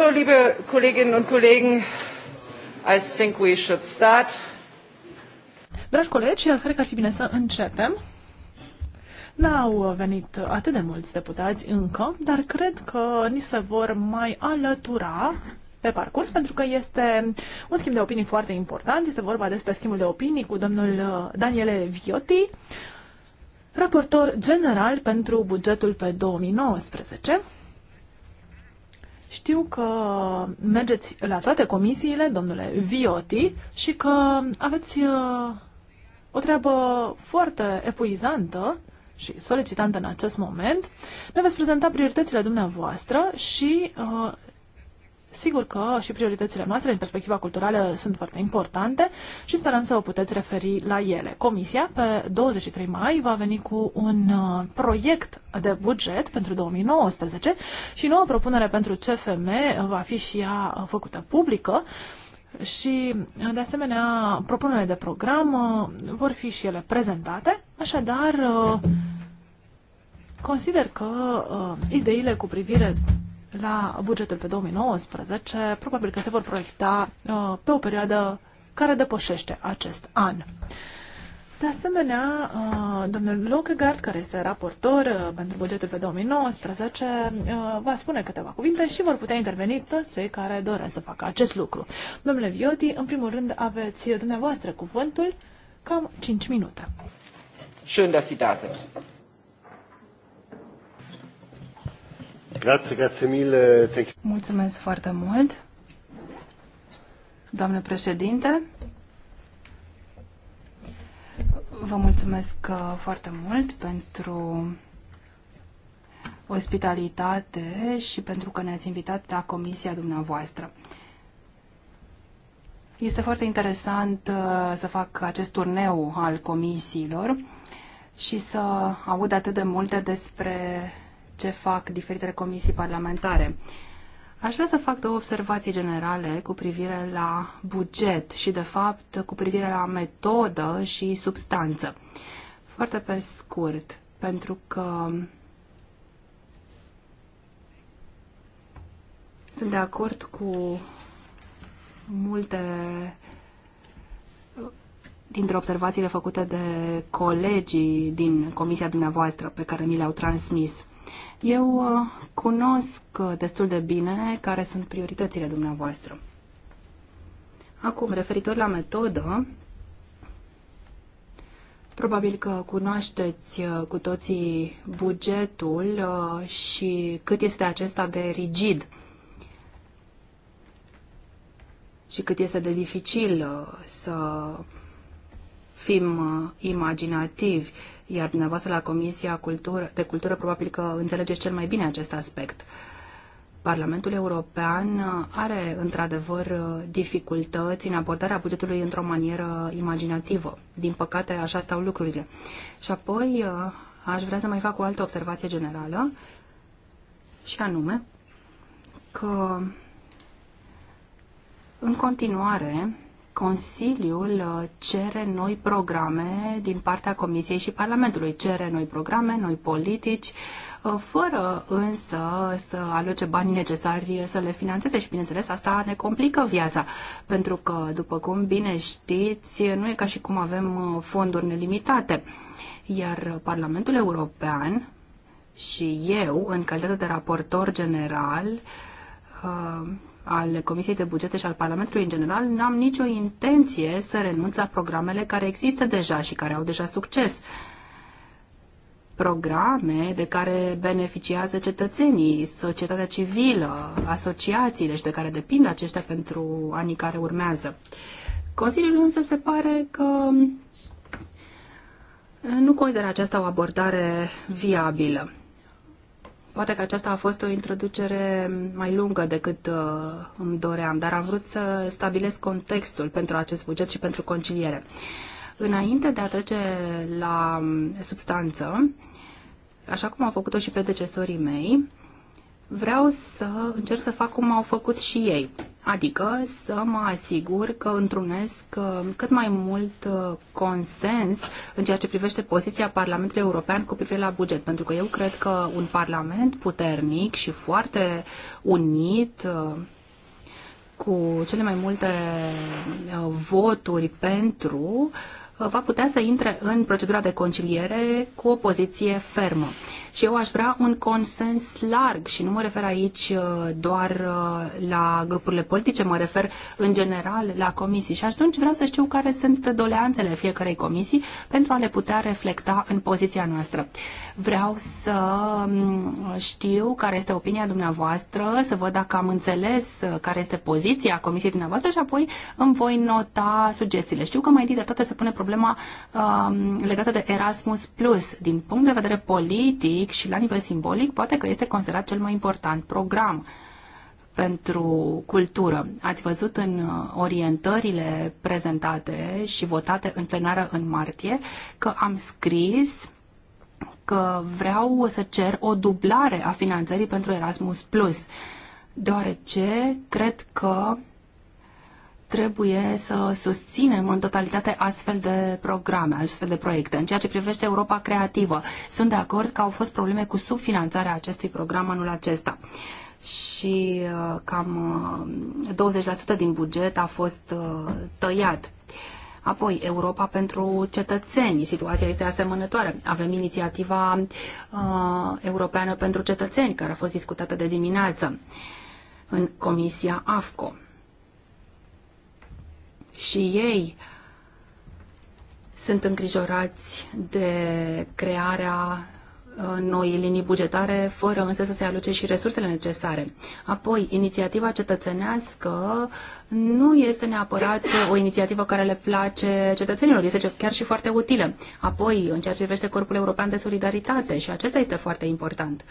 So, liebe Kolleginnen und Kollegen, I think we should start. Dragi colegi, cred că ar fi bine să începem. N-au venit atât de mulți deputați încă, dar cred că ni se vor mai alătura pe parcurs, pentru că este un schimb de opinii foarte important. Este vorba despre schimbul de opinii cu domnul uh, Daniele Vioti, raportor general pentru bugetul pe 2019 știu că mergeți la toate comisiile, domnule Vioti, și că aveți uh, o treabă foarte epuizantă și solicitantă în acest moment. Ne veți prezenta prioritățile dumneavoastră și uh, Sigur că și prioritățile noastre în perspectiva culturală sunt foarte importante și sperăm să vă puteți referi la ele. Comisia, pe 23 mai, va veni cu un uh, proiect de buget pentru 2019 și noua propunere pentru CFM va fi și ea uh, făcută publică. Și, uh, de asemenea, propunerile de program vor fi și ele prezentate, așadar consider că ideile cu privire la bugetul pe 2019, probabil că se vor proiecta uh, pe o perioadă care depășește acest an. De asemenea, uh, domnul Lockegaard, care este raportor uh, pentru bugetul pe 2019, va spune câteva cuvinte și vor putea interveni toți cei care doresc să facă acest lucru. Domnule Vioti, în primul rând aveți dumneavoastră cuvântul, cam 5 minute. Schön, dass Sie da sind. Grazie, grazie mille. Mulțumesc foarte mult, doamnă președinte. Vă mulțumesc uh, foarte mult pentru ospitalitate și pentru că ne-ați invitat la comisia dumneavoastră. Este foarte interesant uh, să fac acest turneu al comisiilor și să aud atât de multe despre ce fac diferitele comisii parlamentare. Aș vrea să fac două observații generale cu privire la buget și, de fapt, cu privire la metodă și substanță. Foarte pe scurt, pentru că sunt de acord cu multe dintre observațiile făcute de colegii din comisia dumneavoastră pe care mi le-au transmis. Eu uh, cunosc uh, destul de bine care sunt prioritățile dumneavoastră. Acum, referitor la metodă, probabil că cunoașteți uh, cu toții bugetul și cât este acesta de rigid și cât este de dificil să fim uh, imaginativi, iar dumneavoastră la Comisia Cultură, de Cultură probabil că înțelegeți cel mai bine acest aspect. Parlamentul European uh, are într-adevăr uh, dificultăți în abordarea bugetului într-o manieră imaginativă. Din păcate, așa stau lucrurile. Și apoi aș vrea să mai fac o altă observație generală, și anume că în continuare Consiliul uh, cere noi programe din partea Comisiei și Parlamentului, cere noi programe, noi politici, uh, fără însă să aloce banii necesari să le financeze și, bineînțeles, asta ne complică viața, pentru că, după cum bine știți, nu e ca și cum avem uh, fonduri nelimitate. Iar Parlamentul European și eu, în calitate de raportor general, al Comisiei de Bugete și al Parlamentului în general, n-am nicio intenție să renunț la programele care există deja și care au deja succes. Programe de care beneficiază cetățenii, societatea civilă, asociațiile și de care depind aceștia pentru anii care urmează. Consiliul însă se pare că nu consideră aceasta o abordare viabilă. Poate că aceasta a fost o introducere mai lungă decât uh, îmi doream, dar am vrut să stabilesc contextul pentru acest buget și pentru conciliere. Înainte de a trece la um, substanță, așa cum au făcut-o și predecesorii mei, vreau să încerc să fac cum au făcut și ei, adică să mă asigur că întrunesc uh, cât mai mult uh, consens în ceea ce privește poziția Parlamentului European cu privire la buget, pentru că eu cred că un Parlament puternic și foarte unit uh, cu cele mai multe voturi pentru uh, Uh, va putea să intre în procedura de conciliere cu o poziție fermă. Și eu aș vrea un consens larg și nu mă refer aici uh, doar uh, la grupurile politice, mă refer în general la comisii și atunci vreau să știu care sunt doleanțele fiecarei comisii pentru a le putea reflecta în poziția noastră. Vreau să um, știu care este opinia dumneavoastră, să văd dacă am înțeles care este poziția comisiei dumneavoastră și apoi îmi voi nota sugestiile. Știu că mai întâi de toate se pune problema problema um, legată de Erasmus Plus. Din punct de vedere politic și la nivel simbolic, poate că este considerat cel mai important program pentru cultură. Ați văzut în uh, orientările prezentate și votate în plenară în martie că am scris că vreau să cer o dublare a finanțării pentru Erasmus Plus, deoarece cred că trebuie să susținem în totalitate astfel de programe, astfel de proiecte. În ceea ce privește Europa Creativă, sunt de acord că au fost probleme cu subfinanțarea acestui program anul acesta și uh, cam 20% uh, din buget a fost uh, tăiat. Apoi, Europa pentru cetățeni. Situația este asemănătoare. Avem inițiativa uh, europeană pentru cetățeni, care a fost discutată de dimineață în Comisia AFCO și ei sunt îngrijorați de crearea uh, noi linii bugetare, fără însă să se aloce și resursele necesare. Apoi, inițiativa cetățenească nu este neapărat o inițiativă care le place cetățenilor, este chiar și foarte utilă. Apoi, în ceea ce privește Corpul European de Solidaritate, și acesta este foarte important.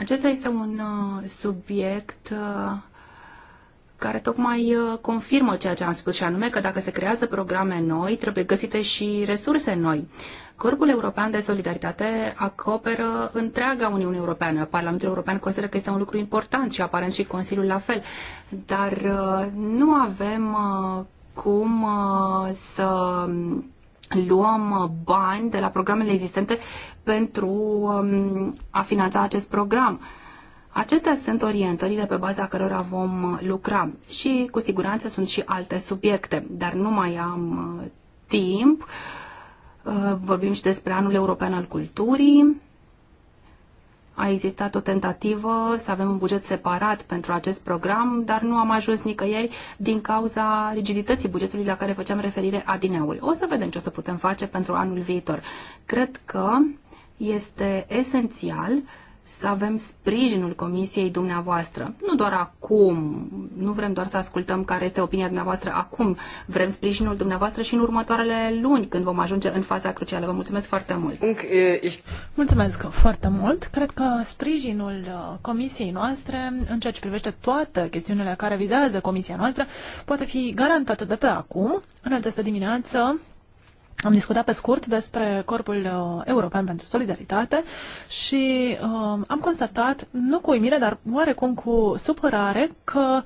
Acesta este un uh, subiect uh, care tocmai uh, confirmă ceea ce am spus și anume că dacă se creează programe noi, trebuie găsite și resurse noi. Corpul European de Solidaritate acoperă întreaga Uniune Europeană. Parlamentul European consideră că este un lucru important și aparent și Consiliul la fel. Dar nu avem cum să luăm uh, bani de la programele existente pentru um, a finanța acest program. Acestea sunt orientările pe baza cărora vom uh, lucra și cu siguranță sunt și alte subiecte, dar nu mai am uh, timp. Vorbim și despre anul european al culturii, a existat o tentativă să avem un buget separat pentru acest program, dar nu am ajuns nicăieri din cauza rigidității bugetului la care făceam referire adineaul. O să vedem ce o să putem face pentru anul viitor. Cred că este esențial să avem sprijinul comisiei dumneavoastră. Nu doar acum, nu vrem doar să ascultăm care este opinia dumneavoastră acum, vrem sprijinul dumneavoastră și în următoarele luni, când vom ajunge în faza crucială. Vă mulțumesc foarte mult! Mulțumesc foarte mult! Cred că sprijinul uh, comisiei noastre, în ceea ce privește toate chestiunile care vizează comisia noastră, poate fi garantată de pe acum, în această dimineață, am discutat pe scurt despre Corpul uh, European pentru Solidaritate și uh, am constatat, nu cu uimire, dar oarecum cu supărare, că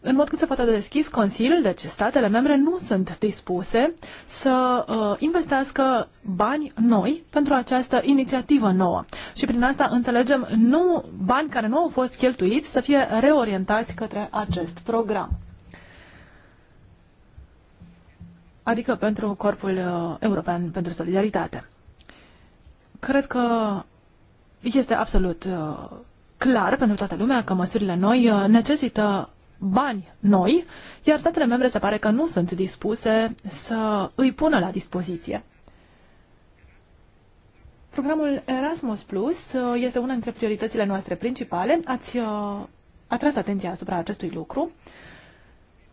în mod cât se poate de deschis, Consiliul, deci statele membre, nu sunt dispuse să uh, investească bani noi pentru această inițiativă nouă. Și prin asta înțelegem nu bani care nu au fost cheltuiți să fie reorientați către acest program. adică pentru Corpul uh, European pentru Solidaritate. Cred că este absolut uh, clar pentru toată lumea că măsurile noi uh, necesită bani noi, iar statele membre se pare că nu sunt dispuse să îi pună la dispoziție. Programul Erasmus Plus este una dintre prioritățile noastre principale. Ați atras atenția asupra acestui lucru.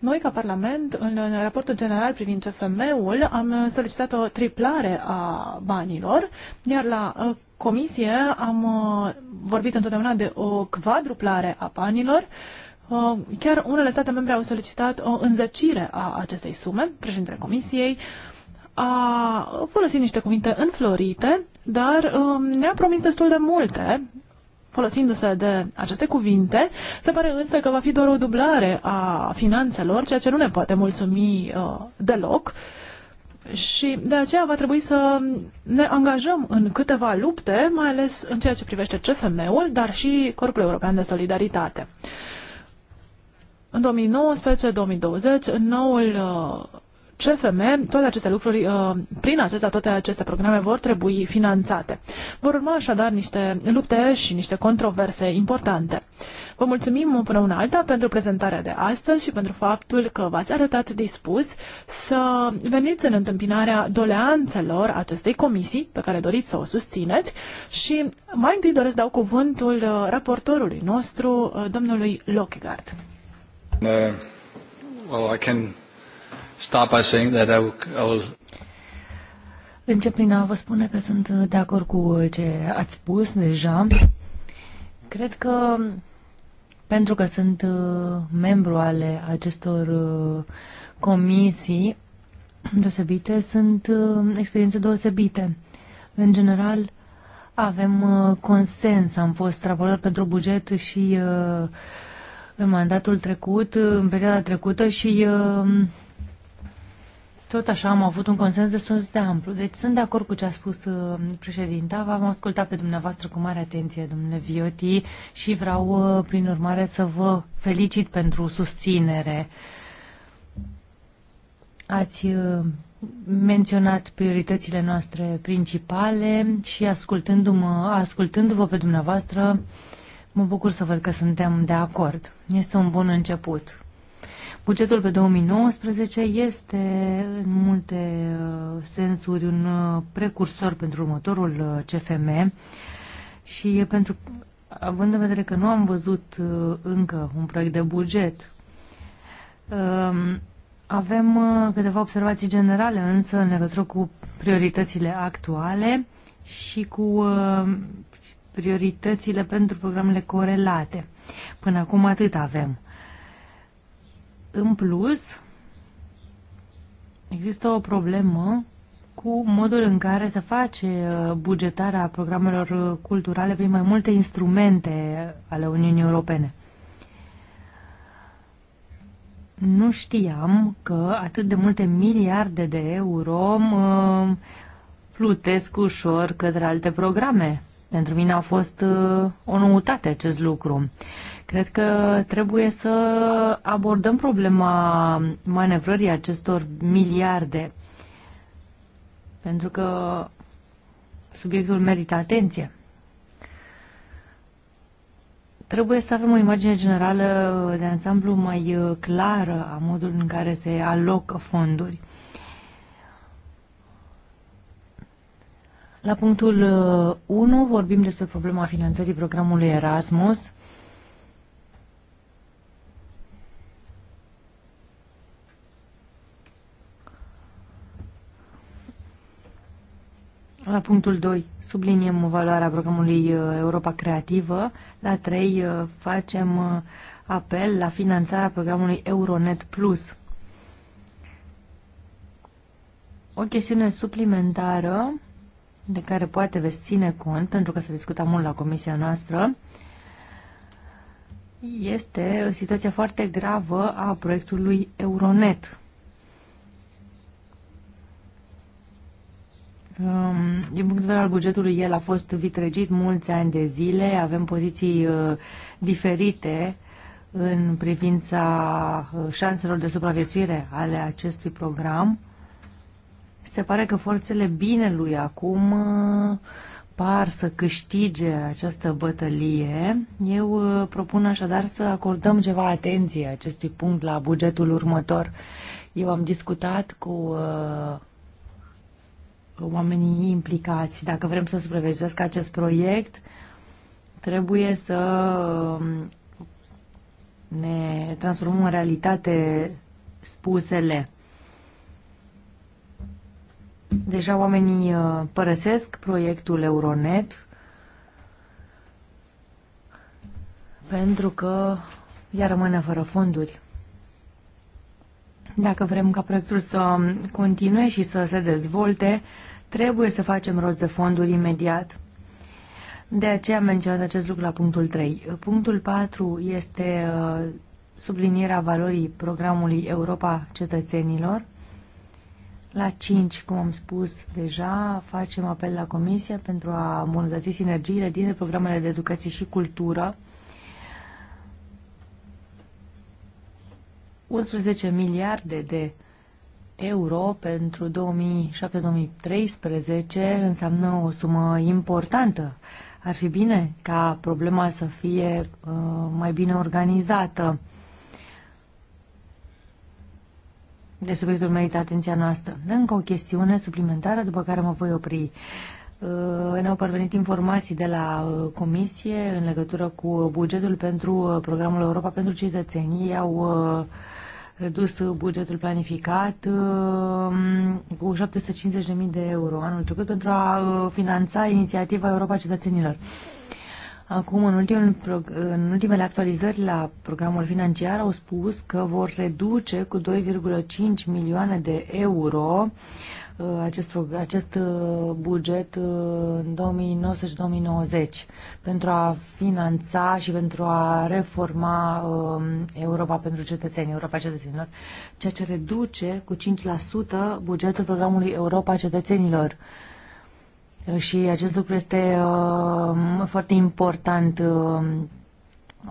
Noi, ca Parlament, în, raportul general privind CFM-ul, am solicitat o triplare a banilor, iar la uh, comisie am uh, vorbit întotdeauna de o quadruplare a banilor. Uh, chiar unele state membre au solicitat o înzăcire a acestei sume. Președintele Comisiei a folosit niște cuvinte înflorite, dar ne-a promis destul de multe folosindu-se de aceste cuvinte. Se pare însă că va fi doar o dublare a finanțelor, ceea ce nu ne poate mulțumi uh, deloc. Și de aceea va trebui să ne angajăm în câteva lupte, mai ales în ceea ce privește CFM-ul, dar și Corpul European de Solidaritate. În 2019-2020, noul uh, CFM, toate aceste lucruri, uh, prin acestea, toate aceste programe vor trebui finanțate. Vor urma așadar niște lupte și niște controverse importante. Vă mulțumim până una alta pentru prezentarea de astăzi și pentru faptul că v-ați arătat dispus să veniți în întâmpinarea doleanțelor acestei comisii pe care doriți să o susțineți și mai întâi doresc dau cuvântul uh, raportorului nostru, uh, domnului Lockegard. Uh, well, I can start by saying that I will, Încep prin a vă spune că sunt de acord cu ce ați spus deja. Cred că pentru că sunt uh, membru ale acestor uh, comisii deosebite, sunt uh, experiențe deosebite. În general, avem consens. Am fost raportat pentru buget și în mandatul trecut, în perioada trecută și tot așa am avut un consens destul de amplu. Deci sunt de acord cu ce a spus uh, președinta. V-am ascultat pe dumneavoastră cu mare atenție, domnule Vioti, și vreau, uh, prin urmare, să vă felicit pentru susținere. Ați uh, menționat prioritățile noastre principale și ascultându-mă, ascultându-vă pe dumneavoastră, mă bucur să văd că suntem de acord. Este un bun început. Bugetul pe 2019 este în multe uh, sensuri un uh, precursor pentru următorul uh, CFM și pentru, având în vedere că nu am văzut încă un proiect de buget, um, avem câteva observații generale însă în legătură cu prioritățile actuale și cu prioritățile pentru programele corelate. Până acum atât avem. În plus, există o problemă cu modul în care se face uh, bugetarea programelor culturale prin mai multe instrumente ale Uniunii Europene. Nu știam că atât de multe miliarde de euro plutesc ușor către alte programe pentru mine a fost uh, o noutate acest lucru. Cred că trebuie să abordăm problema manevrării acestor miliarde, pentru că subiectul merită atenție. Trebuie să avem o imagine generală de ansamblu mai uh, clară a modului în care se alocă fonduri. La punctul 1 uh, vorbim despre problema finanțării programului Erasmus. La punctul 2 subliniem valoarea programului uh, Europa Creativă. La 3 uh, facem apel la finanțarea programului Euronet Plus. O chestiune suplimentară de care poate veți ține cont, pentru că se discuta mult la comisia noastră, este o situație foarte gravă a proiectului Euronet. Um, din punct de vedere al bugetului, el a fost vitregit mulți ani de zile, avem poziții uh, diferite în privința uh, șanselor de supraviețuire ale acestui program se pare că forțele binelui acum uh, par să câștige această bătălie. Eu uh, propun așadar să acordăm ceva atenție acestui punct la bugetul următor. Eu am discutat cu uh, oamenii implicați. Dacă vrem să supraviețuiesc acest proiect, trebuie să um, ne transformăm în realitate spusele. Deja oamenii uh, părăsesc proiectul Euronet pentru că ea rămâne fără fonduri. Dacă vrem ca proiectul să continue și să se dezvolte, trebuie să facem rost de fonduri imediat. De aceea am menționat acest lucru la punctul 3. Punctul 4 este uh, sublinierea valorii programului Europa Cetățenilor. La 5, cum am spus deja, facem apel la Comisia pentru a îmbunătăți sinergiile dintre programele de educație și cultură. 11 miliarde de euro pentru 2007-2013 înseamnă o sumă importantă. Ar fi bine ca problema să fie uh, mai bine organizată. de subiectul merită atenția noastră. Încă o chestiune suplimentară, după care mă voi opri. Uh, ne-au parvenit informații de la uh, Comisie în legătură cu bugetul pentru uh, programul Europa pentru cetățenii. Au redus bugetul planificat cu 750.000 de euro anul trecut pentru a finanța inițiativa Europa Cetățenilor. Acum, în, ultimul, în ultimele actualizări la programul financiar, au spus că vor reduce cu 2,5 milioane de euro uh, acest, acest uh, buget uh, în 2019-2020 pentru a finanța și pentru a reforma um, Europa pentru cetățeni, Europa cetățenilor, ceea ce reduce cu 5% bugetul programului Europa cetățenilor și acest lucru este uh, foarte important uh,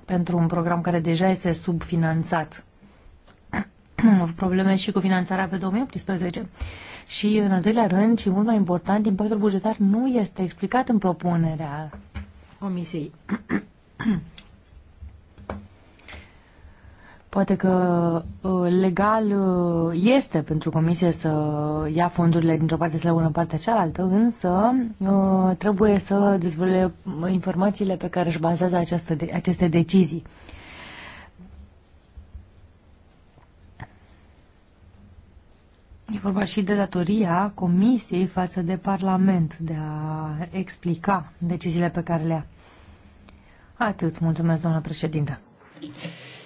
pentru un program care deja este subfinanțat. Probleme și cu finanțarea pe 2018. Și, în al doilea rând, și mult mai important, impactul bugetar nu este explicat în propunerea Comisiei. Poate că ă, legal ă, este pentru comisie să ia fondurile dintr-o parte să le în partea cealaltă, însă ă, trebuie să dezvolte informațiile pe care își bazează această, aceste decizii. E vorba și de datoria Comisiei față de Parlament de a explica deciziile pe care le ia. Atât. Mulțumesc, doamnă președintă.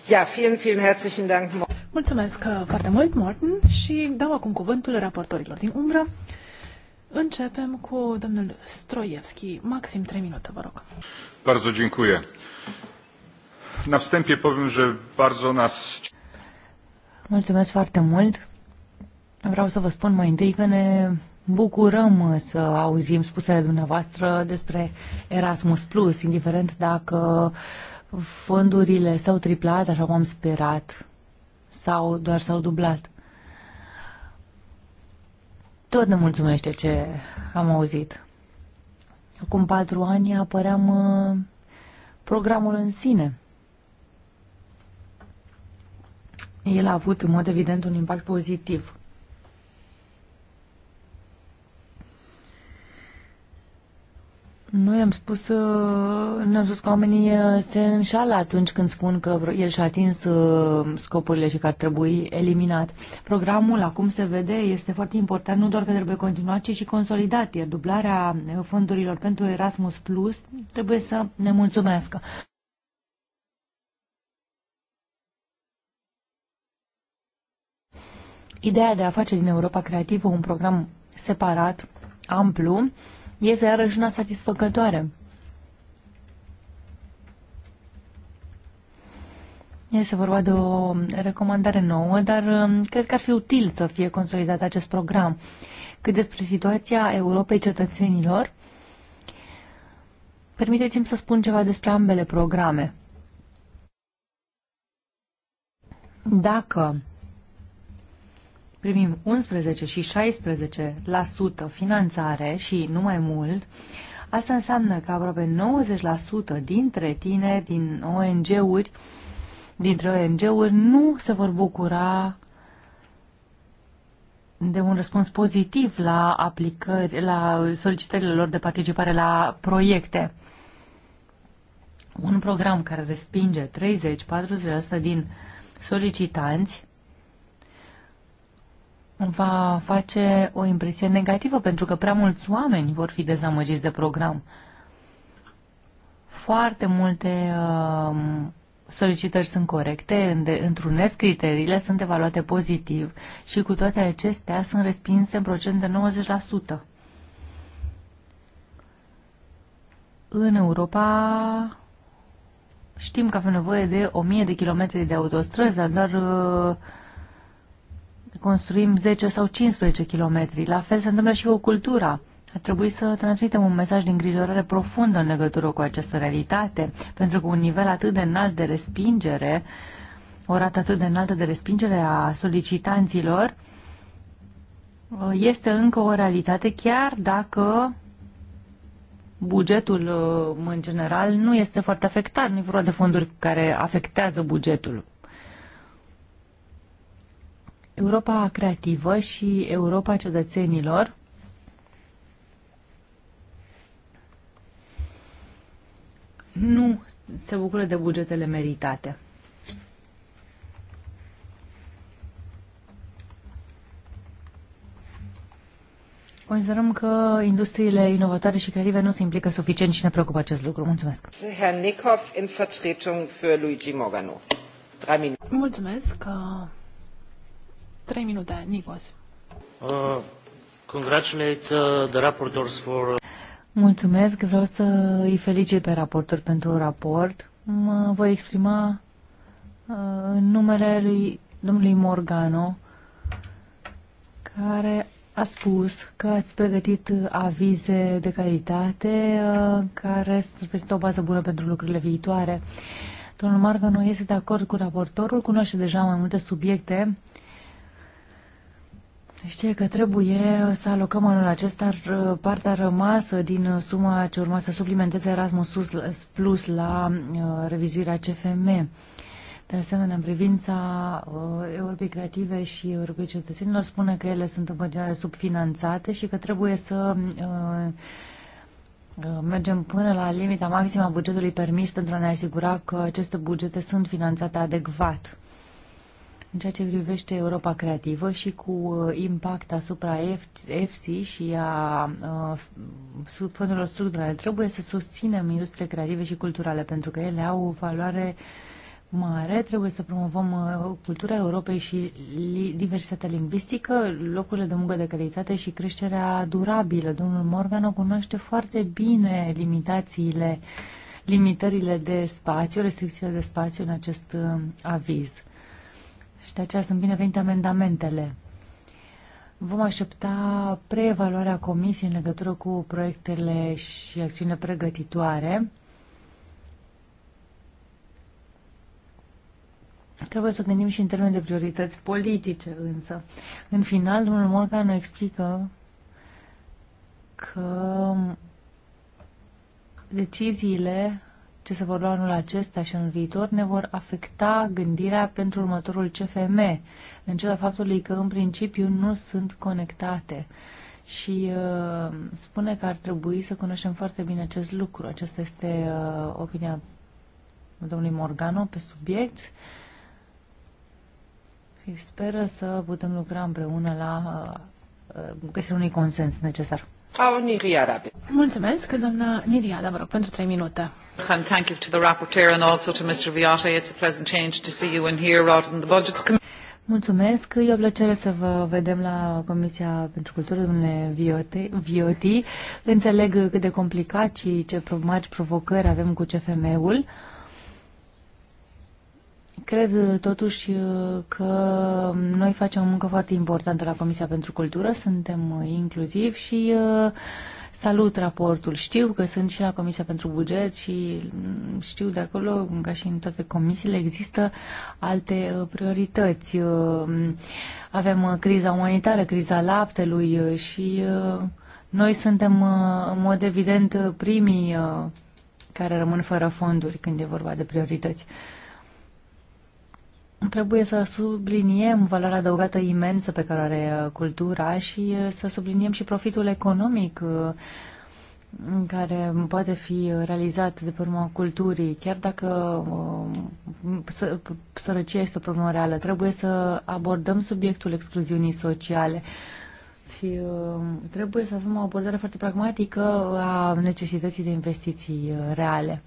Ja, vielen, vielen herzlichen Dank. Mulțumesc uh, foarte mult, Morten, și dau acum cuvântul raportorilor din umbră. Începem cu domnul Stroievski. Maxim 3 minute, vă rog. Bardzo dziękuję. Na wstępie powiem, że bardzo nas... Mulțumesc foarte mult. Vreau să vă spun mai întâi că ne bucurăm să auzim spusele dumneavoastră despre Erasmus Plus, indiferent dacă uh, fondurile s-au triplat, așa cum am sperat, sau doar s-au dublat. Tot ne mulțumește ce am auzit. Acum patru ani apăream uh, programul în sine. El a avut, în mod evident, un impact pozitiv. Noi am spus, uh, ne-am spus că oamenii uh, se înșală atunci când spun că el și-a atins uh, scopurile și că ar trebui eliminat. Programul, acum se vede, este foarte important, nu doar că trebuie continuat, ci și consolidat, iar dublarea fondurilor pentru Erasmus Plus trebuie să ne mulțumească. Ideea de a face din Europa Creativă un program separat, amplu, este iarăși una satisfăcătoare. Este vorba de o recomandare nouă, dar um, cred că ar fi util să fie consolidat acest program. Cât despre situația Europei cetățenilor, permiteți-mi să spun ceva despre ambele programe. Dacă primim 11 și 16% finanțare și nu mai mult, asta înseamnă că aproape 90% dintre tine, din ONG-uri, dintre ONG-uri nu se vor bucura de un răspuns pozitiv la aplicări, la solicitările lor de participare la proiecte. Un program care respinge 30-40% din solicitanți va face o impresie negativă, pentru că prea mulți oameni vor fi dezamăgiți de program. Foarte multe uh, solicitări sunt corecte, întrunesc criteriile, sunt evaluate pozitiv și cu toate acestea sunt respinse în procent de 90%. În Europa știm că avem nevoie de 1000 de kilometri de autostrăzi, dar uh, construim 10 sau 15 kilometri. La fel se întâmplă și cu cultura. Ar trebui să transmitem un mesaj de îngrijorare profundă în legătură cu această realitate, pentru că un nivel atât de înalt de respingere, o rată atât de înaltă de respingere a solicitanților, este încă o realitate, chiar dacă bugetul în general nu este foarte afectat, nu e vorba de fonduri care afectează bugetul Europa creativă și Europa cetățenilor nu se bucură de bugetele meritate. Considerăm că industriile inovatoare și creative nu se implică suficient și ne preocupă acest lucru. Mulțumesc. Herr Nickhoff, în Luigi Morgano. Mulțumesc. Uh, Trei minute, Nicos. Uh, congratulate uh, the rapporteurs for... Uh, Mulțumesc, vreau să îi felicit pe raportor pentru raport. Mă voi exprima uh, în numele lui domnului Morgano, care a spus că ați pregătit uh, avize de calitate uh, care să reprezintă o bază bună pentru lucrurile viitoare. Domnul Morgano este de acord cu raportorul, cunoaște deja mai multe subiecte Știe că trebuie să alocăm anul acesta partea rămasă din suma ce urma să suplimenteze Erasmus Plus la uh, revizuirea CFM. De asemenea, în privința uh, Europei Creative și Europei Cetățenilor, spune că ele sunt în continuare subfinanțate și că trebuie să uh, mergem până la limita maximă a bugetului permis pentru a ne asigura că aceste bugete sunt finanțate adecvat în ceea ce privește Europa Creativă și cu uh, impact asupra EFSI și a uh, fondurilor structurale. Trebuie să susținem industriile creative și culturale pentru că ele au o valoare mare. Trebuie să promovăm uh, cultura Europei și diversitatea lingvistică, locurile de muncă de calitate și creșterea durabilă. Domnul o cunoaște foarte bine limitațiile limitările de spațiu, restricțiile de spațiu în acest aviz și de aceea sunt binevenite amendamentele. Vom aștepta preevaluarea comisiei în legătură cu proiectele și acțiunile pregătitoare. Trebuie să gândim și în termeni de priorități politice, însă. În final, domnul Morgan ne explică că deciziile ce se vor lua anul acesta și în viitor ne vor afecta gândirea pentru următorul CFM, în ciuda faptului că în principiu nu sunt conectate. Și uh, spune că ar trebui să cunoaștem foarte bine acest lucru. Aceasta este uh, opinia domnului Morgano pe subiect și speră să putem lucra împreună la uh, găsirea unui consens necesar. Frau Niriada. Mulțumesc, doamna Niriada, vă rog, pentru trei minute. And thank you to the rapporteur and also to Mr. Viotti. It's a pleasant change to see you in here rather than the Budgets Committee. Mulțumesc, e o plăcere să vă vedem la Comisia pentru Cultură, domnule Vioti. Înțeleg cât de complicat și ce mari provocări avem cu CFM-ul. Cred uh, totuși uh, că noi facem o muncă foarte importantă la Comisia pentru Cultură, suntem uh, inclusivi și salut raportul. Știu că sunt și la Comisia pentru Buget și mm, știu de acolo, ca și în toate comisiile, există alte priorități. Avem criza umanitară, criza laptelui și noi suntem în mod evident primii care rămân fără fonduri când e vorba de priorități. Uh, Trebuie să subliniem valoarea adăugată imensă pe care are uh, cultura și uh, să subliniem și profitul economic uh, care poate fi realizat de pe urma culturii, chiar dacă să, sărăcia este o problemă reală. Trebuie să abordăm subiectul excluziunii sociale și trebuie să avem o abordare foarte pragmatică a necesității de investiții reale.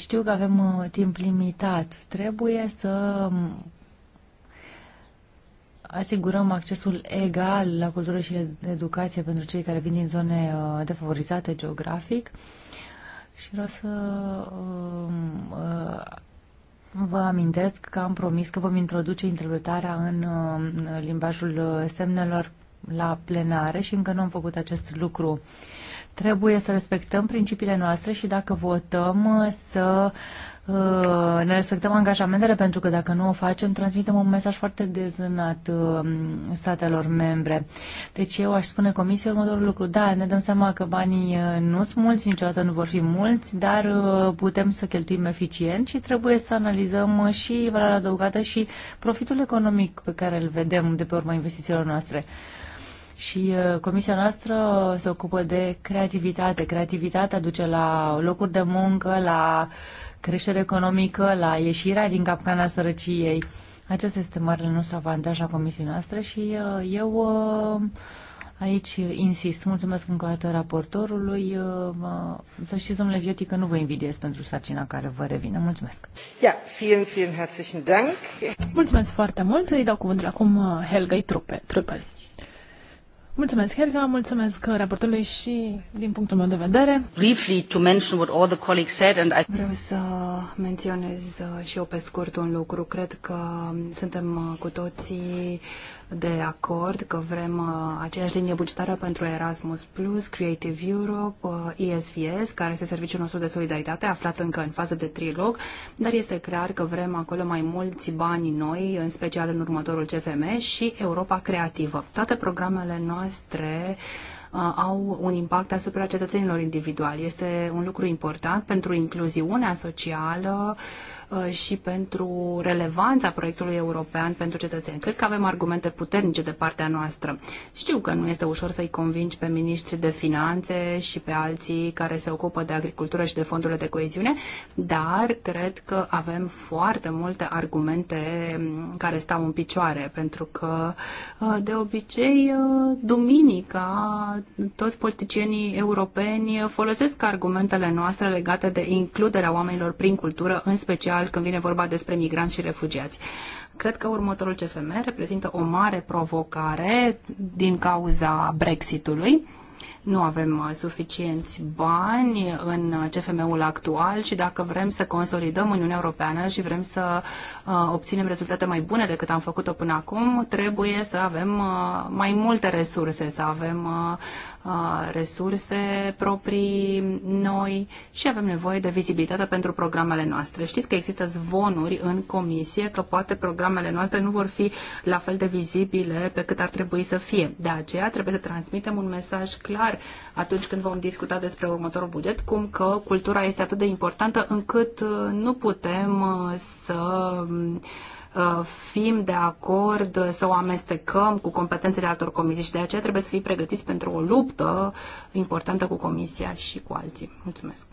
Știu că avem uh, timp limitat. Trebuie să mm, asigurăm accesul egal la cultură și educație pentru cei care vin din zone uh, defavorizate geografic și vreau să um, uh, vă amintesc că am promis că vom introduce interpretarea în um, limbajul semnelor la plenare și încă nu am făcut acest lucru. Trebuie să respectăm principiile noastre și dacă votăm uh, să uh, ne respectăm angajamentele pentru că dacă nu o facem, transmitem un mesaj foarte dezânat uh, statelor membre. Deci eu aș spune comisiei următorul lucru. Da, ne dăm seama că banii nu sunt mulți, niciodată nu vor fi mulți, dar putem să cheltuim eficient și trebuie să analizăm și valoarea adăugată și profitul economic pe care îl vedem de pe urma investițiilor noastre. Și uh, comisia noastră se ocupă de creativitate. Creativitatea duce la locuri de muncă, la creștere economică, la ieșirea din capcana sărăciei. Acesta este marele nostru avantaj la comisiei noastre și uh, eu uh, aici insist. Mulțumesc încă o dată raportorului. Să știți, domnule Vioti, că nu vă invidiez pentru sarcina care vă revine. Mulțumesc. Ja, vielen, vielen herzlichen Dank. Mulțumesc foarte mult. Îi dau cuvântul acum Helga Trupe, Trupel. Mulțumesc, Helga, mulțumesc raportului și din punctul meu de vedere. Briefly to mention what all the colleagues said and I... Vreau să menționez și eu pe scurt un lucru. Cred că suntem cu toții de acord că vrem uh, aceeași linie bugetară pentru Erasmus+, Plus, Creative Europe, uh, ESVS, care este serviciul nostru de solidaritate, aflat încă în fază de trilog, dar este clar că vrem acolo mai mulți bani noi, în special în următorul CFM și Europa Creativă. Toate programele noastre uh, au un impact asupra cetățenilor individuali. Este un lucru important pentru incluziunea socială, uh, Uh, și pentru relevanța proiectului european pentru cetățeni. Cred că avem argumente puternice de partea noastră. Știu că nu este ușor să-i convingi pe ministri de finanțe și pe alții care se ocupă de agricultură și de fondurile de coeziune, dar cred că avem foarte multe argumente mm, care stau în picioare, pentru că uh, de obicei uh, duminica toți politicienii europeni folosesc argumentele noastre legate de includerea oamenilor prin cultură, în special special când vine vorba despre migranți și refugiați. Cred că următorul CFM reprezintă o mare provocare din cauza Brexitului nu avem uh, suficienți bani în uh, CFM-ul actual și dacă vrem să consolidăm Uniunea Europeană și vrem să uh, obținem rezultate mai bune decât am făcut-o până acum, trebuie să avem mai multe resurse, să avem resurse proprii noi și avem nevoie de vizibilitate pentru programele noastre. Știți că există zvonuri în comisie că poate programele noastre nu vor fi la fel de vizibile pe cât ar trebui să fie. De aceea trebuie să transmitem un mesaj clar clar atunci când vom discuta despre următorul buget, cum că cultura este atât de importantă încât uh, nu putem uh, să uh, fim de acord să o amestecăm cu competențele altor comisii și de aceea trebuie să fim pregătiți pentru o luptă importantă cu comisia și cu alții. Mulțumesc!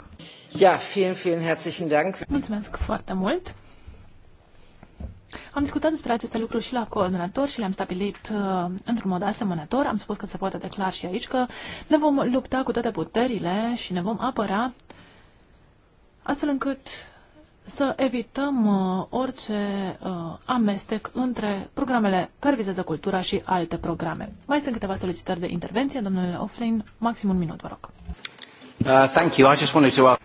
Ja, vielen, vielen herzlichen Dank! Mulțumesc foarte mult! Am discutat despre aceste lucruri și la coordonator și le-am stabilit uh, într-un mod asemănător. Am spus că se poate declar și aici că ne vom lupta cu toate puterile și ne vom apăra astfel încât să evităm uh, orice uh, amestec între programele care vizează cultura și alte programe. Mai sunt câteva solicitări de intervenție. Domnule Oflin, maxim un minut, vă rog. Uh, thank you. I just wanted to...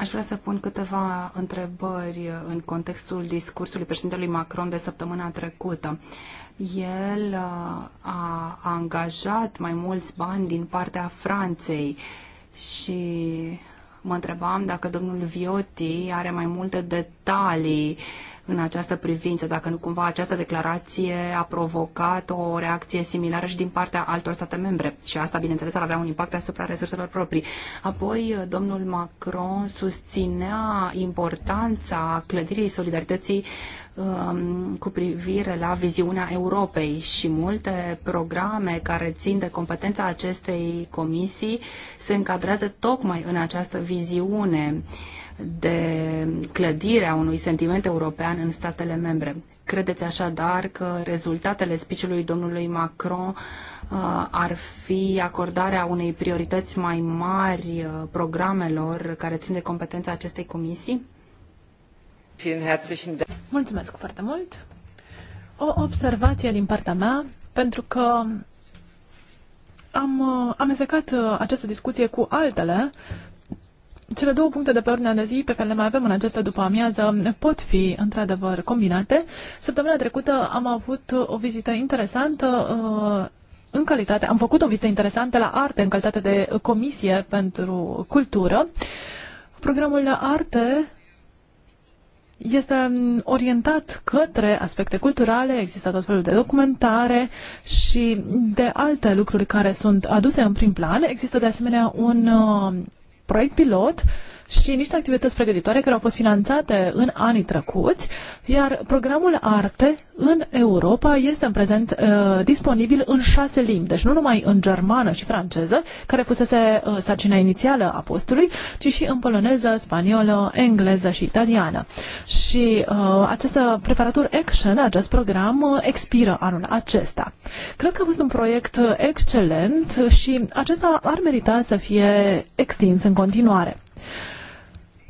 Aș vrea să pun câteva întrebări în contextul discursului președintelui Macron de săptămâna trecută. El uh, a angajat mai mulți bani din partea Franței și mă întrebam dacă domnul Viotti are mai multe detalii uh, în această privință, dacă nu cumva această declarație a provocat o reacție similară și din partea altor state membre. Și asta, bineînțeles, ar avea un impact asupra resurselor proprii. Apoi, domnul Macron susținea importanța clădirii solidarității um, cu privire la viziunea Europei și multe programe care țin de competența acestei comisii se încadrează tocmai în această viziune uh, de clădire a unui sentiment european în statele membre. Credeți așadar că rezultatele spiciului domnului Macron uh, ar fi acordarea unei priorități mai mari uh, programelor care țin de competența acestei comisii? Mulțumesc foarte mult! O observație din partea mea, pentru că am uh, amestecat această discuție cu altele cele două puncte de pe ordinea de zi pe care le mai avem în această după amiază pot fi într-adevăr combinate. Săptămâna trecută am avut o vizită interesantă uh, în calitate, am făcut o vizită interesantă la arte în calitate de comisie pentru cultură. Programul arte este um, orientat către aspecte culturale, există tot felul de documentare și de alte lucruri care sunt aduse în prim plan. Există de asemenea un uh, proiect pilot și niște activități pregătitoare care au fost finanțate în anii trecuți, iar programul Arte în Europa este în prezent uh, disponibil în șase limbi, deci nu numai în germană și franceză, care fusese uh, sarcina inițială a postului, ci și în poloneză, spaniolă, engleză și italiană. Și uh, acest preparatur Action, acest program, uh, expiră anul acesta. Cred că a fost un proiect uh, excelent și acesta ar merita să fie extins în continuare.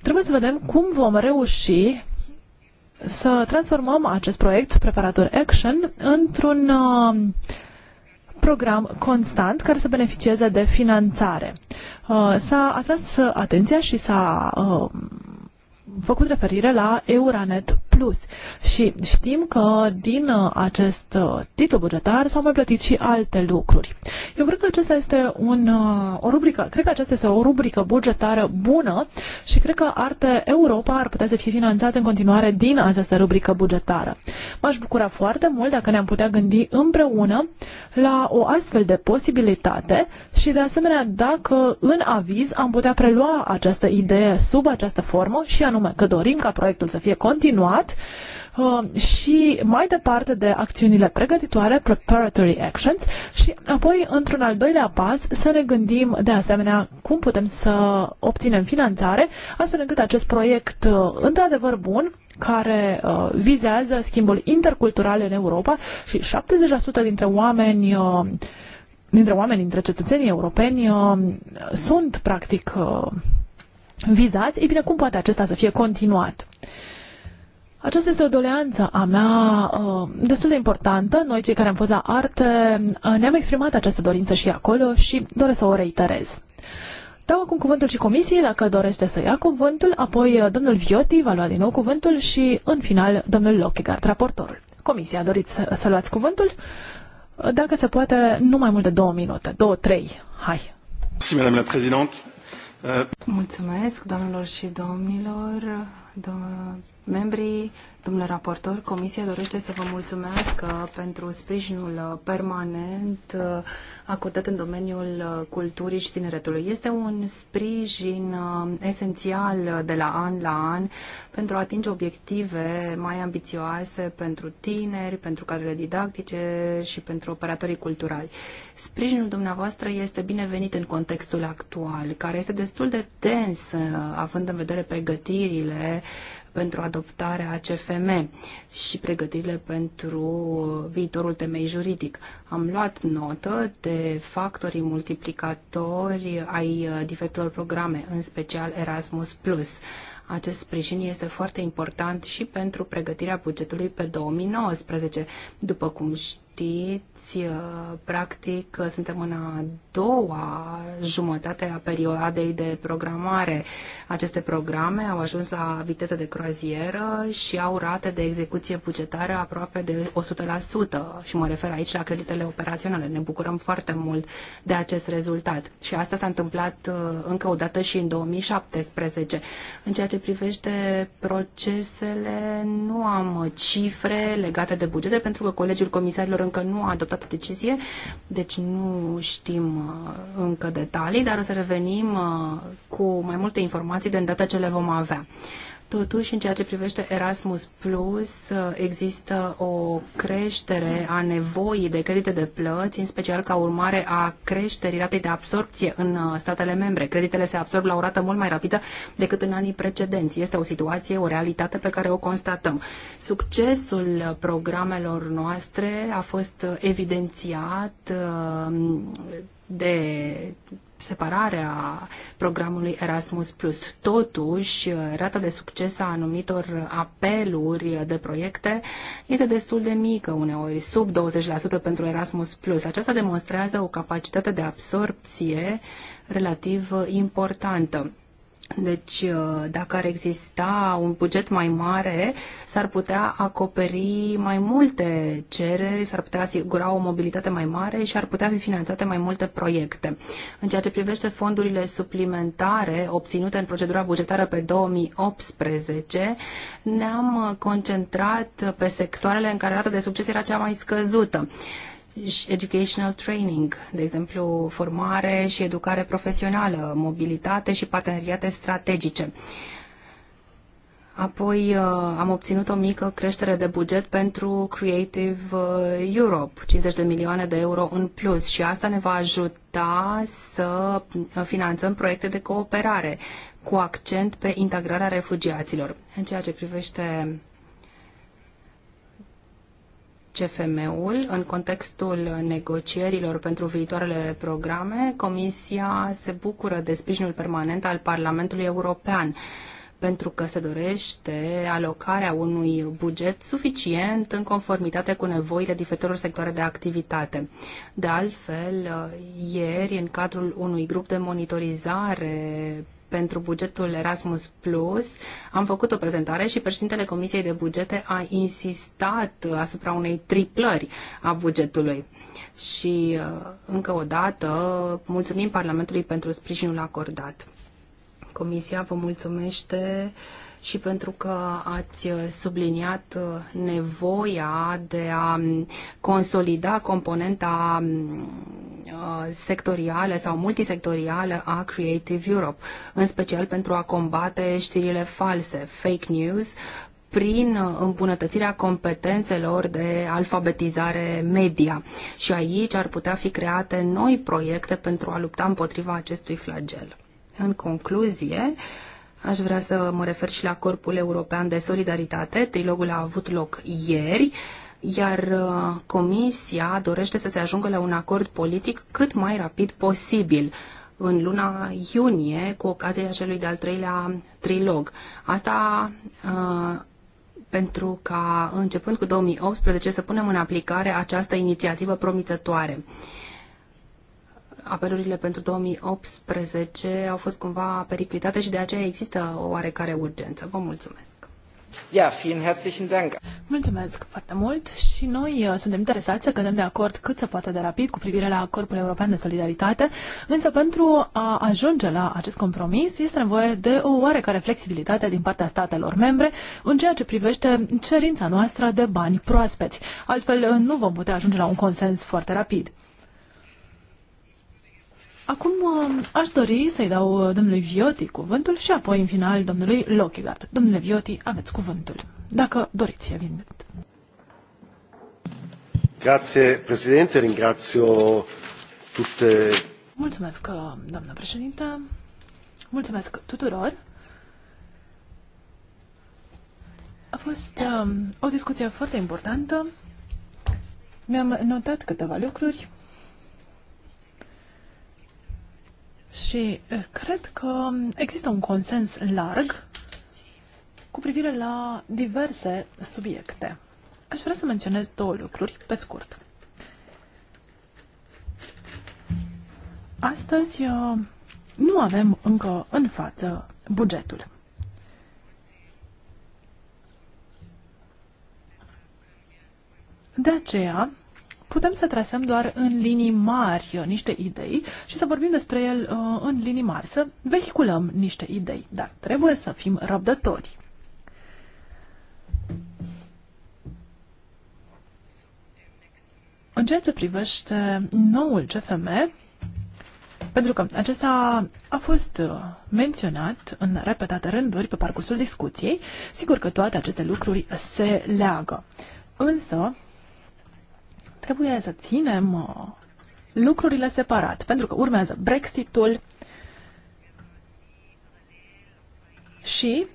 Trebuie să vedem cum vom reuși să transformăm acest proiect Preparator Action într-un uh, program constant care să beneficieze de finanțare. Uh, s-a atras atenția și s-a uh, făcut referire la Euranet plus. Și știm că din uh, acest uh, titlu bugetar s-au mai plătit și alte lucruri. Eu cred că acesta este un, uh, o rubrică, cred că aceasta este o rubrică bugetară bună și cred că Arte Europa ar putea să fie finanțată în continuare din această rubrică bugetară. M-aș bucura foarte mult dacă ne-am putea gândi împreună la o astfel de posibilitate și de asemenea dacă în aviz am putea prelua această idee sub această formă și anume că dorim ca proiectul să fie continuat Uh, și mai departe de acțiunile pregătitoare, preparatory actions, și apoi, într-un al doilea pas, să ne gândim de asemenea cum putem să obținem finanțare, astfel încât acest proiect uh, într-adevăr bun care uh, vizează schimbul intercultural în Europa și 70% dintre oameni uh, dintre oameni, dintre cetățenii europeni uh, sunt practic uh, vizați, ei bine, cum poate acesta să fie continuat? Uh, aceasta este o doleanță a mea uh, destul de importantă. Noi, cei care am fost la arte, uh, ne-am exprimat această dorință și acolo și doresc să o reiterez. Dau acum cuvântul și comisiei, dacă dorește să ia cuvântul, apoi uh, domnul Vioti va lua din nou cuvântul și, în final, domnul Lochegard, raportorul. Comisia, doriți să, să luați cuvântul? Dacă se poate, nu mai mult de două minute, două, trei. Hai! Mulțumesc, domnilor și domnilor, membrii, domnule raportor, Comisia dorește să vă mulțumesc pentru sprijinul permanent uh, acordat în domeniul uh, culturii și tineretului. Este un sprijin uh, esențial de la an la an pentru a atinge obiective mai ambițioase pentru tineri, pentru cadrele didactice și pentru operatorii culturali. Sprijinul dumneavoastră este binevenit în contextul actual, care este destul de tens având în vedere pregătirile pentru adoptarea CFM și pregătirile pentru viitorul temei juridic. Am luat notă de factorii multiplicatori ai diferitelor programe, în special Erasmus+. Acest sprijin este foarte important și pentru pregătirea bugetului pe 2019. După cum știți, știți, uh, practic uh, suntem în a doua jumătate a perioadei de programare. Aceste programe au ajuns la viteză de croazieră și au rate de execuție bugetară aproape de 100% și mă refer aici la creditele operaționale. Ne bucurăm foarte mult de acest rezultat și asta s-a întâmplat uh, încă o dată și în 2017. În ceea ce privește procesele, nu am cifre legate de bugete pentru că colegiul comisarilor în încă nu a adoptat o decizie, deci nu știm uh, încă detalii, dar o să revenim uh, cu mai multe informații de îndată ce le vom avea. Totuși, în ceea ce privește Erasmus Plus, există o creștere a nevoii de credite de plăți, în special ca urmare a creșterii ratei de absorpție în uh, statele membre. Creditele se absorb la o rată mult mai rapidă decât în anii precedenți. Este o situație, o realitate pe care o constatăm. Succesul programelor noastre a fost evidențiat uh, de separarea programului Erasmus+. Plus, Totuși, rata de succes a anumitor apeluri de proiecte este destul de mică uneori, sub 20% pentru Erasmus+. Plus. Aceasta demonstrează o capacitate de absorpție relativ importantă. Deci, uh, dacă ar exista un buget mai mare, s-ar putea acoperi mai multe cereri, s-ar putea asigura o mobilitate mai mare și ar putea fi finanțate mai multe proiecte. În ceea ce privește fondurile suplimentare obținute în procedura bugetară pe 2018, ne-am concentrat pe sectoarele în care rata de succes era cea mai scăzută și educational training, de exemplu formare și educare profesională, mobilitate și parteneriate strategice. Apoi uh, am obținut o mică creștere de buget pentru Creative uh, Europe, 50 de milioane de euro în plus și asta ne va ajuta să finanțăm proiecte de cooperare cu accent pe integrarea refugiaților. În ceea ce privește CFM-ul în contextul negocierilor pentru viitoarele programe, Comisia se bucură de sprijinul permanent al Parlamentului European pentru că se dorește alocarea unui buget suficient în conformitate cu nevoile diferitelor sectoare de activitate. De altfel, ieri, în cadrul unui grup de monitorizare pentru bugetul Erasmus Plus, am făcut o prezentare și președintele Comisiei de Bugete a insistat asupra unei triplări a bugetului. Și uh, încă o dată mulțumim Parlamentului pentru sprijinul acordat. Comisia vă mulțumește uh, și pentru că ați subliniat uh, nevoia de a consolida componenta mm, uh, sectorială sau multisectorială a Creative Europe, în special pentru a combate știrile false, fake news, prin îmbunătățirea competențelor de alfabetizare media. Și aici ar putea fi create noi proiecte pentru a lupta împotriva acestui flagel. În concluzie, uh, Aș vrea să mă refer și la Corpul European de Solidaritate. Trilogul a avut loc ieri, iar uh, Comisia dorește să se ajungă la un acord politic cât mai rapid posibil în luna iunie, cu ocazia celui de-al treilea trilog. Asta uh, pentru ca, începând cu 2018, să punem în aplicare această inițiativă promițătoare. Uh, apelurile pentru 2018 au fost cumva periclitate și de aceea există o oarecare urgență. Vă mulțumesc! Ja, vielen herzlichen Dank. Mulțumesc foarte mult și noi uh, suntem interesați să cădem de acord cât se poate de rapid cu privire la Corpul European de Solidaritate, însă pentru a ajunge la acest compromis este nevoie de o oarecare flexibilitate din partea statelor membre în ceea ce privește cerința noastră de bani proaspeți. Altfel nu vom putea ajunge la un consens foarte rapid. Acum um, aș dori să-i dau uh, domnului Vioti cuvântul și apoi în final domnului Lochigard. Domnule Vioti, aveți cuvântul, dacă doriți, evident. Grazie, președinte, ringrazio tutte... Mulțumesc, uh, doamnă președinte. Mulțumesc tuturor. A fost um, o discuție foarte importantă. Mi-am notat câteva lucruri. Și cred că există un consens larg cu privire la diverse subiecte. Aș vrea să menționez două lucruri, pe scurt. Astăzi nu avem încă în față bugetul. De aceea, putem să trasăm doar în linii mari uh, niște idei și să vorbim despre el uh, în linii mari, să vehiculăm niște idei, dar trebuie să fim răbdători. În ceea ce privește noul CFM, pentru că acesta a fost uh, menționat în repetate rânduri pe parcursul discuției, sigur că toate aceste lucruri se leagă. Însă, Trebuie să ținem uh, lucrurile separat, pentru că urmează Brexitul și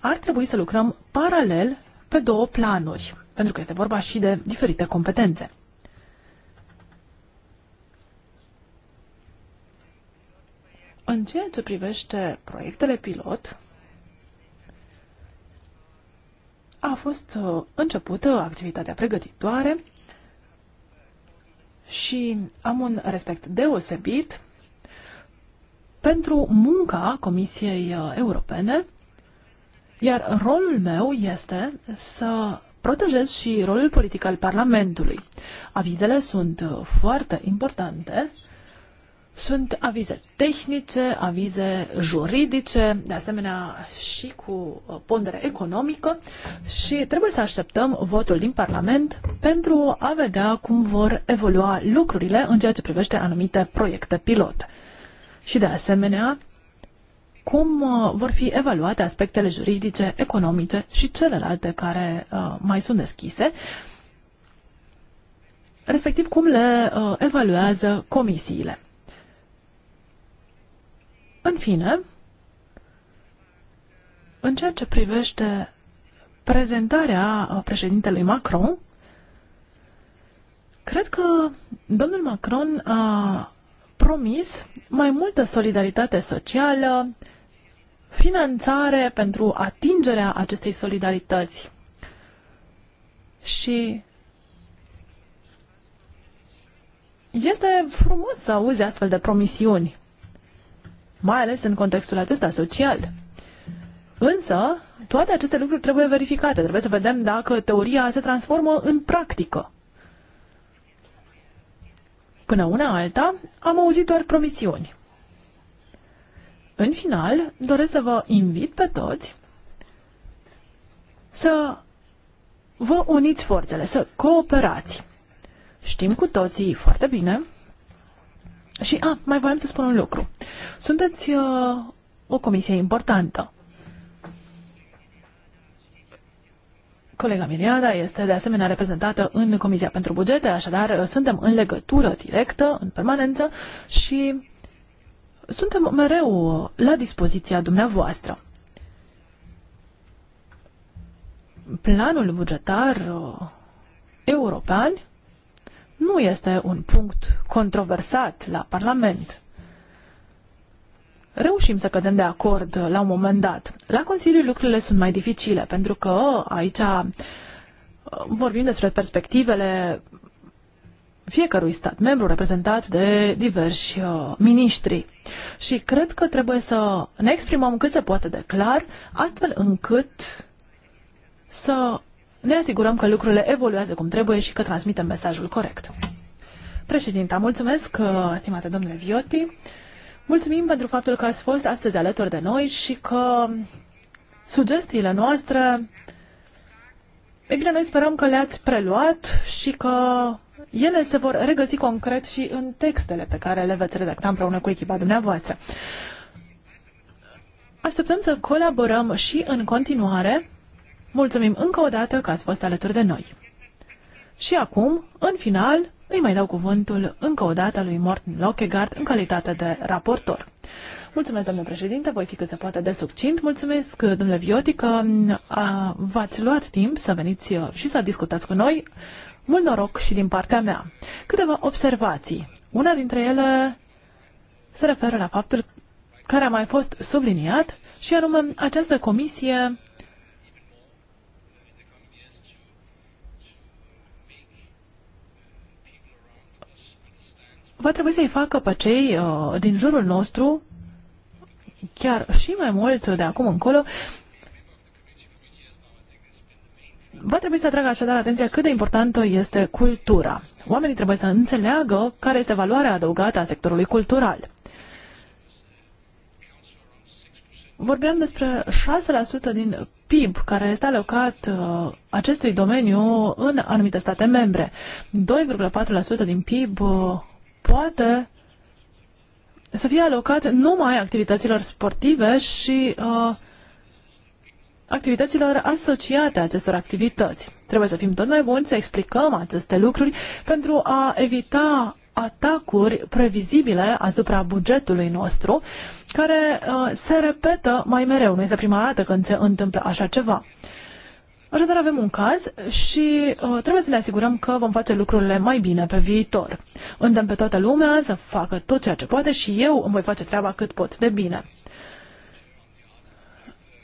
ar trebui să lucrăm paralel pe două planuri, pentru că este vorba și de diferite competențe. În ceea ce privește proiectele pilot, a fost uh, începută activitatea pregătitoare și am un respect deosebit pentru munca Comisiei uh, Europene, iar rolul meu este să protejez și rolul politic al Parlamentului. Avizele sunt uh, foarte importante sunt avize tehnice, avize juridice, de asemenea și cu uh, pondere economică și trebuie să așteptăm votul din Parlament pentru a vedea cum vor evolua lucrurile în ceea ce privește anumite proiecte pilot. Și de asemenea, cum uh, vor fi evaluate aspectele juridice, economice și celelalte care uh, mai sunt deschise, respectiv cum le evaluează comisiile. În fine, în ceea ce privește prezentarea președintelui Macron, cred că domnul Macron a promis mai multă solidaritate socială, finanțare pentru atingerea acestei solidarități și este frumos să auzi astfel de promisiuni mai ales în contextul acesta social. Însă, toate aceste lucruri trebuie verificate. Trebuie să vedem dacă teoria se transformă în practică. Până una alta, am auzit doar promisiuni. În final, doresc să vă invit pe toți să vă uniți forțele, să cooperați. Știm cu toții foarte bine și, a, mai voiam să spun un lucru. Sunteți uh, o comisie importantă. Colega Miliada este de asemenea reprezentată în Comisia pentru Bugete, așadar uh, suntem în legătură directă, în permanență și suntem mereu uh, la dispoziția dumneavoastră. Planul bugetar uh, european nu este un punct controversat la Parlament. Reușim să cădem de acord la un moment dat. La Consiliu lucrurile sunt mai dificile, pentru că aici uh, vorbim despre perspectivele fiecărui stat membru reprezentat de diversi uh, miniștri. Și cred că trebuie să ne exprimăm cât se poate de clar, astfel încât să ne asigurăm că lucrurile evoluează cum trebuie și că transmitem mesajul corect. Președinta, mulțumesc, uh, stimate domnule Vioti. Mulțumim pentru faptul că ați fost astăzi alături de noi și că sugestiile noastre, e bine, noi sperăm că le-ați preluat și că ele se vor regăsi concret și în textele pe care le veți redacta împreună cu echipa dumneavoastră. Așteptăm să colaborăm și în continuare Mulțumim încă o dată că ați fost alături de noi. Și acum, în final, îi mai dau cuvântul încă o dată lui Morten Lockegaard în calitate de raportor. Mulțumesc, domnule președinte, voi fi cât se poate de succint. Mulțumesc, domnule Vioti, că v-ați luat timp să veniți uh, și să discutați cu noi. Mult noroc și din partea mea. Câteva observații. Una dintre ele se referă la faptul care a mai fost subliniat și anume această comisie va trebui să-i facă pe cei uh, din jurul nostru, chiar și mai mult de acum încolo, va trebui să atragă așadar atenția cât de importantă este cultura. Oamenii trebuie să înțeleagă care este valoarea adăugată a sectorului cultural. Vorbeam despre 6% din PIB care este alocat uh, acestui domeniu în anumite state membre. 2,4% din PIB uh, poate să fie alocat numai activităților sportive și uh, activităților asociate acestor activități. Trebuie să fim tot mai buni să explicăm aceste lucruri pentru a evita atacuri previzibile asupra bugetului nostru, care uh, se repetă mai mereu. Nu este prima dată când se întâmplă așa ceva. Uh, Așadar avem un caz și uh, trebuie să ne asigurăm că vom face lucrurile mai bine pe viitor. Îndemn pe toată lumea să facă tot ceea ce poate și eu îmi voi face treaba cât pot de bine.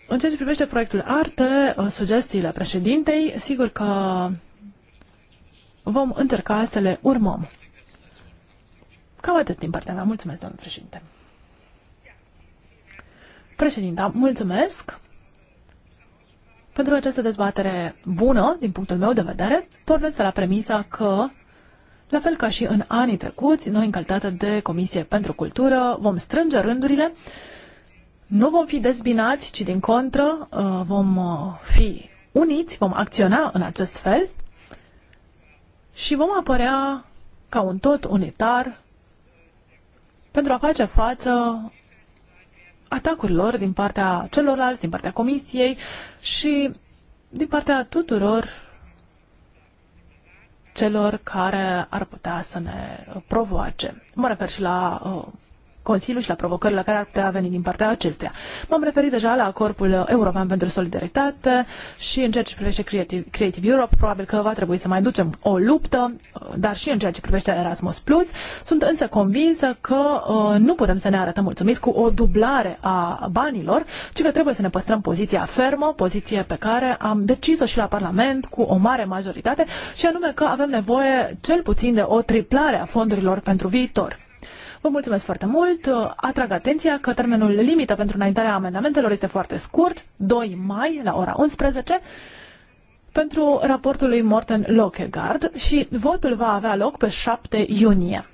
În ceea ce privește proiectul Arte, uh, sugestiile președintei, sigur că vom încerca să le urmăm. Cam atât din partea mea. Mulțumesc, domnul președinte. Președinta, mulțumesc. Pentru această dezbatere bună, din punctul meu de vedere, pornesc de la premisa că la fel ca și în anii trecuți, noi în calitate de Comisie pentru Cultură vom strânge rândurile, nu vom fi dezbinați, ci din contră uh, vom uh, fi uniți, vom acționa în acest fel și vom apărea ca un tot unitar pentru a face față atacurilor din partea celorlalți, din partea comisiei și din partea tuturor celor care ar putea să ne provoace. Mă refer și la uh, Consiliu și la provocările care ar putea veni din partea acestuia. M-am referit deja la Corpul European pentru Solidaritate și în ceea ce privește Creative, Creative Europe, probabil că va trebui să mai ducem o luptă, dar și în ceea ce privește Erasmus+. Plus. Sunt însă convinsă că uh, nu putem să ne arătăm mulțumiți cu o dublare a banilor, ci că trebuie să ne păstrăm poziția fermă, poziție pe care am decis-o și la Parlament cu o mare majoritate, și anume că avem nevoie cel puțin de o triplare a fondurilor pentru viitor. Vă mulțumesc foarte mult. Atrag atenția că termenul limită pentru înaintarea amendamentelor este foarte scurt, 2 mai la ora 11 pentru raportul lui Morten Lockegaard și votul va avea loc pe 7 iunie.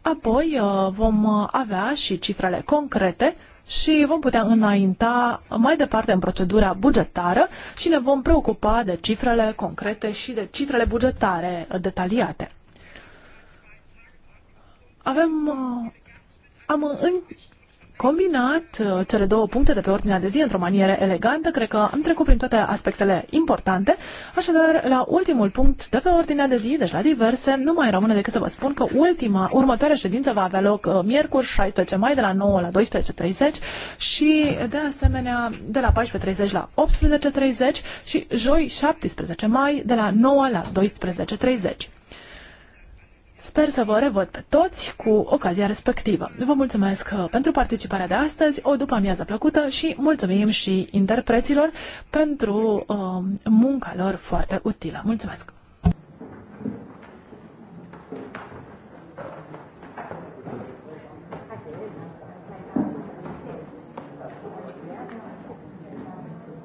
Apoi uh, vom avea și cifrele concrete și vom putea înainta mai departe în procedura bugetară și ne vom preocupa de cifrele concrete și de cifrele bugetare detaliate avem, uh, am uh, în, combinat uh, cele două puncte de pe ordinea de zi într-o manieră elegantă. Cred că am trecut prin toate aspectele importante. Așadar, la ultimul punct de pe ordinea de zi, deci la diverse, nu mai rămâne decât să vă spun că ultima, următoarea ședință va avea loc miercuri 16 mai de la 9 la 12.30 și de asemenea de la 14.30 la 18.30 și joi 17 mai de la 9 la 12.30. Sper să vă revăd pe toți cu ocazia respectivă. Vă mulțumesc uh, pentru participarea de astăzi, o după amiază plăcută și mulțumim și interpreților pentru uh, munca lor foarte utilă. Mulțumesc!